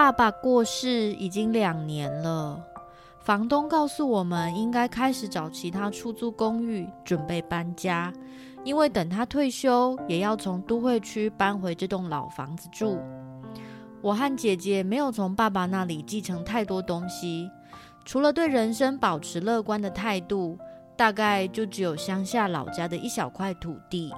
爸爸過世已經兩年了，房東告訴我們應該開始找其他出租公寓，準備搬家，因為等他退休也要從都會區搬回這棟老房子住。我和姐姐沒有從爸爸那裡繼承太多東西，除了對人生保持樂觀的態度，大概就只有鄉下老家的一小塊土地。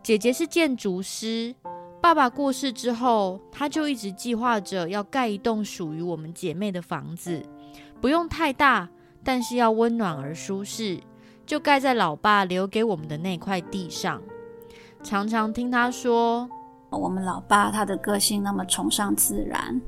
姐姐是建築師。爸爸過世之後，他就一直計劃着要蓋一棟屬於我們姐妹的房子，不用太大，但是要溫暖而舒適，就蓋在老爸留給我們的那塊地上。常常聽他說，我們老爸他的個性那麼崇尚自然，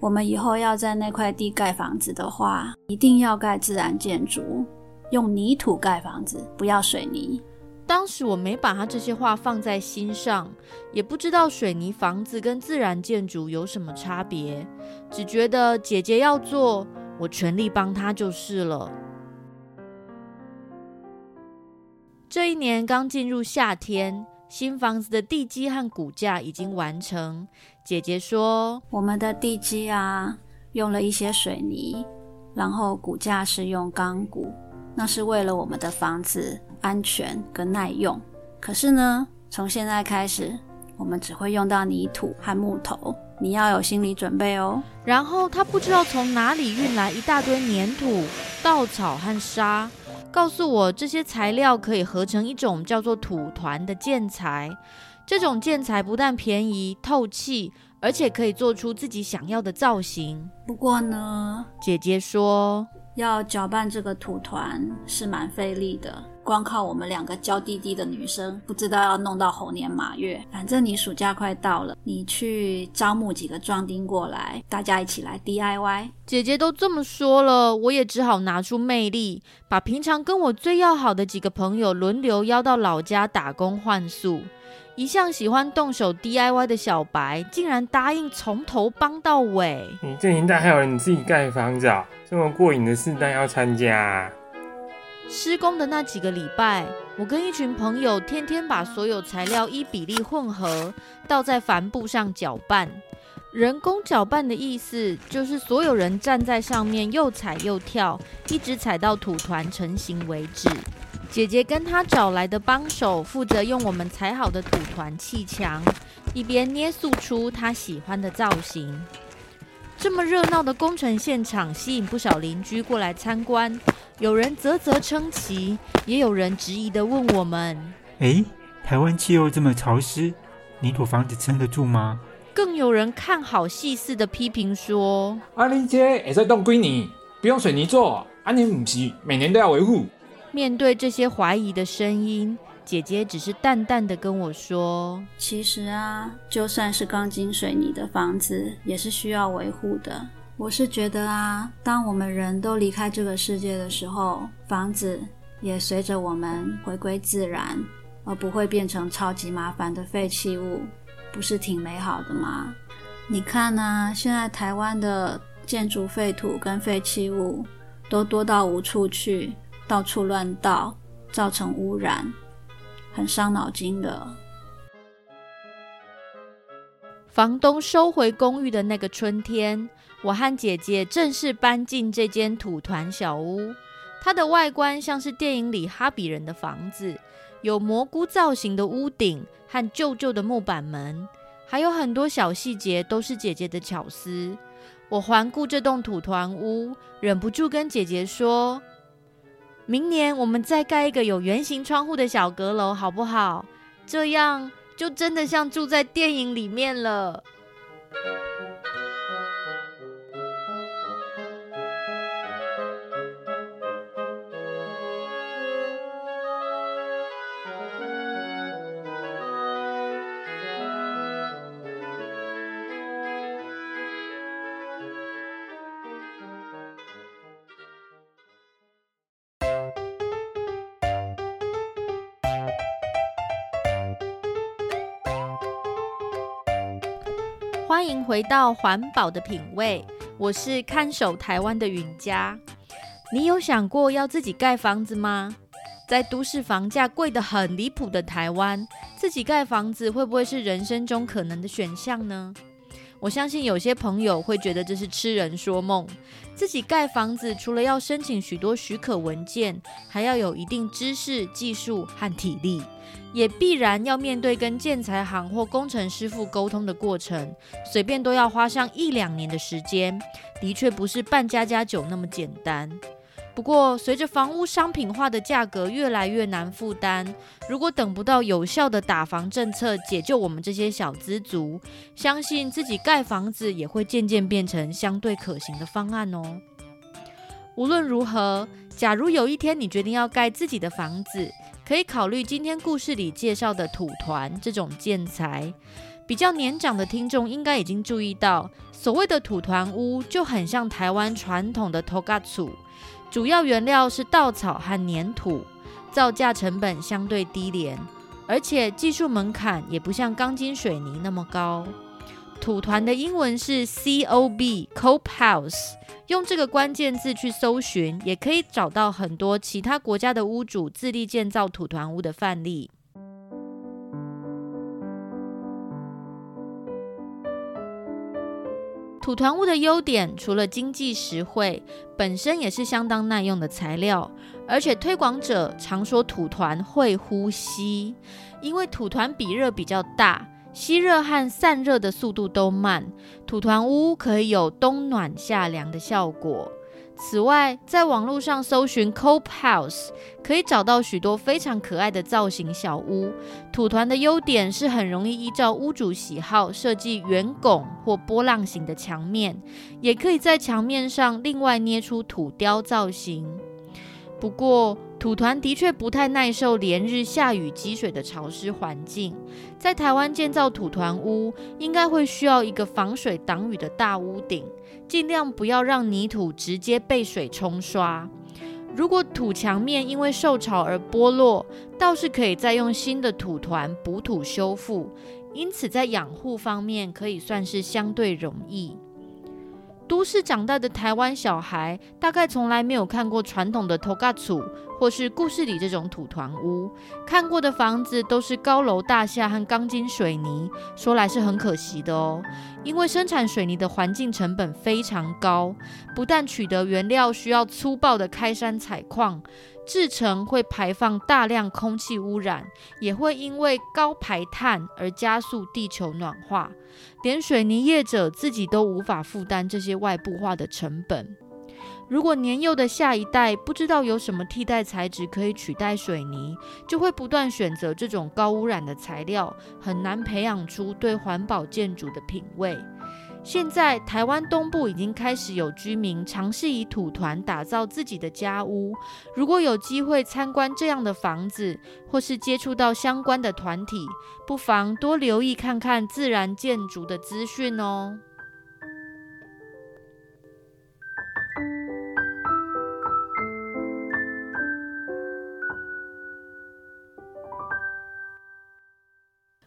我們以後要在那塊地蓋房子的話，一定要蓋自然建築，用泥土蓋房子，不要水泥。當時我沒把他這些話放在心上，也不知道水泥房子跟自然建築有什麼差別，只覺得姐姐要做，我全力幫她就是了。這一年剛進入夏天，新房子的地基和骨架已經完成。姐姐說：“我們的地基啊，用了一些水泥，然後骨架是用鋼骨。”那是為了我們的房子安全跟耐用。可是呢，從現在開始，我們只會用到泥土和木頭，你要有心理準備哦。然後他不知道從哪裡運來一大堆黏土、稻草和沙，告訴我這些材料可以合成一種叫做土團的建材。這種建材不但便宜、透氣，而且可以做出自己想要的造型。不過呢，姐姐說。要攪拌這個土團是蠻費力的，光靠我們兩個嬌滴滴的女生，不知道要弄到猴年馬月。反正你暑假快到了，你去招募幾個壯丁過來，大家一起來 DIY。姐姐都這麼說了，我也只好拿出魅力，把平常跟我最要好的幾個朋友輪流邀到老家打工換宿。一向喜歡動手 DIY 的小白，竟然答應從頭幫到尾。你、嗯、這年代還有人自己蓋房子啊、哦？這麼過癮的事，但要參加、啊。施工的那幾個禮拜，我跟一群朋友天天把所有材料依比例混合，倒在帆布上攪拌。人工攪拌的意思，就是所有人站在上面又踩又跳，一直踩到土團成型為止。姐姐跟她找來的幫手負責用我們採好的土團砌牆，一邊捏塑出她喜歡的造型。這麼熱鬧的工程現場，吸引不少鄰居過來參觀，有人嘖嘖稱奇，也有人質疑的問我們：“哎、欸，台灣氣候這麼潮濕，泥土房子撐得住嗎？”更有人看好戲似的批評說：“阿玲姐也在動水泥，不用水泥做、啊，阿玲不是每年都要維護。”面對這些懷疑的聲音，姐姐只是淡淡的跟我說：“其實啊，就算是鋼筋水泥的房子，也是需要維護的。我是覺得啊，當我們人都離開這個世界的時候，房子也隨着我們回歸自然，而不會變成超級麻煩的廢棄物，不是挺美好的嗎？你看呢、啊？現在台灣的建築廢土跟廢棄物都多到無處去。”到處亂倒，造成污染，很傷腦筋的。房東收回公寓的那個春天，我和姐姐正式搬進這間土團小屋。它的外觀像是電影裡哈比人的房子，有蘑菇造型的屋頂和舊舊的木板門，還有很多小細節都是姐姐的巧思。我環顧這棟土團屋，忍不住跟姐姐說。明年我們再蓋一個有圓形窗戶的小閣樓，好不好？這樣就真的像住在電影裡面了。歡迎回到環保的品味，我是看守台灣的雲佳，你有想過要自己蓋房子嗎？在都市房價貴得很離譜的台灣，自己蓋房子會不會是人生中可能的選項呢？我相信有些朋友會覺得這是痴人說夢。自己蓋房子除了要申請許多許可文件，還要有一定知識、技術和體力，也必然要面對跟建材行或工程師傅溝通的過程，隨便都要花上一兩年的時間，的確不是辦家家酒那麼簡單。不過，隨着房屋商品化的價格越來越難負擔，如果等不到有效的打房政策解救我們這些小資族，相信自己蓋房子也會漸漸變成相對可行的方案哦。無論如何，假如有一天你決定要蓋自己的房子，可以考慮今天故事裡介紹的土團這種建材。比較年長的聽眾應該已經注意到，所謂的土團屋就很像台灣傳統的土角厝。主要原料是稻草和粘土，造價成本相對低廉，而且技術門檻也不像鋼筋水泥那麼高。土團的英文是 C O B，Cob House，用這個關鍵字去搜尋，也可以找到很多其他國家的屋主自力建造土團屋的範例。土團屋的優點，除了經濟實惠，本身也是相當耐用的材料。而且推廣者常說土團會呼吸，因為土團比熱比較大，吸熱和散熱的速度都慢，土團屋可以有冬暖夏涼的效果。此外，在網路上搜尋 cob house，可以找到許多非常可愛的造型小屋。土團的優點是很容易依照屋主喜好設計圓拱或波浪形的牆面，也可以在牆面上另外捏出土雕造型。不過，土團的確不太耐受連日下雨積水的潮濕環境，在台灣建造土團屋，應該會需要一個防水擋雨的大屋頂，儘量不要讓泥土直接被水沖刷。如果土牆面因為受潮而剝落，倒是可以再用新的土團補土修復，因此在養護方面可以算是相對容易。都市長大的台灣小孩，大概從來沒有看過傳統的土角厝，或是故事裡這種土團屋。看過的房子都是高樓大廈和鋼筋水泥，說來是很可惜的哦。因為生產水泥的環境成本非常高，不但取得原料需要粗暴的開山採礦。製程會排放大量空氣污染，也會因為高排碳而加速地球暖化。連水泥業者自己都無法負擔這些外部化的成本。如果年幼的下一代不知道有什麼替代材質可以取代水泥，就會不斷選擇這種高污染的材料，很難培養出對環保建築的品味。現在，台灣東部已經開始有居民嘗試以土團打造自己的家屋。如果有機會參觀這樣的房子，或是接觸到相關的團體，不妨多留意看看自然建築的資訊哦。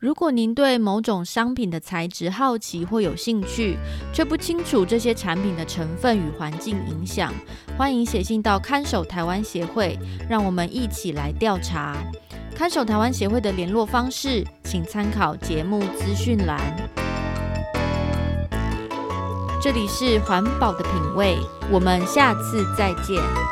如果您對某種商品的材質好奇或有興趣，卻不清楚這些產品的成分與環境影響，歡迎寫信到看守台灣協會，讓我們一起來調查。看守台灣協會的聯絡方式，請參考節目資訊欄。這裡是環保的品味，我們下次再見。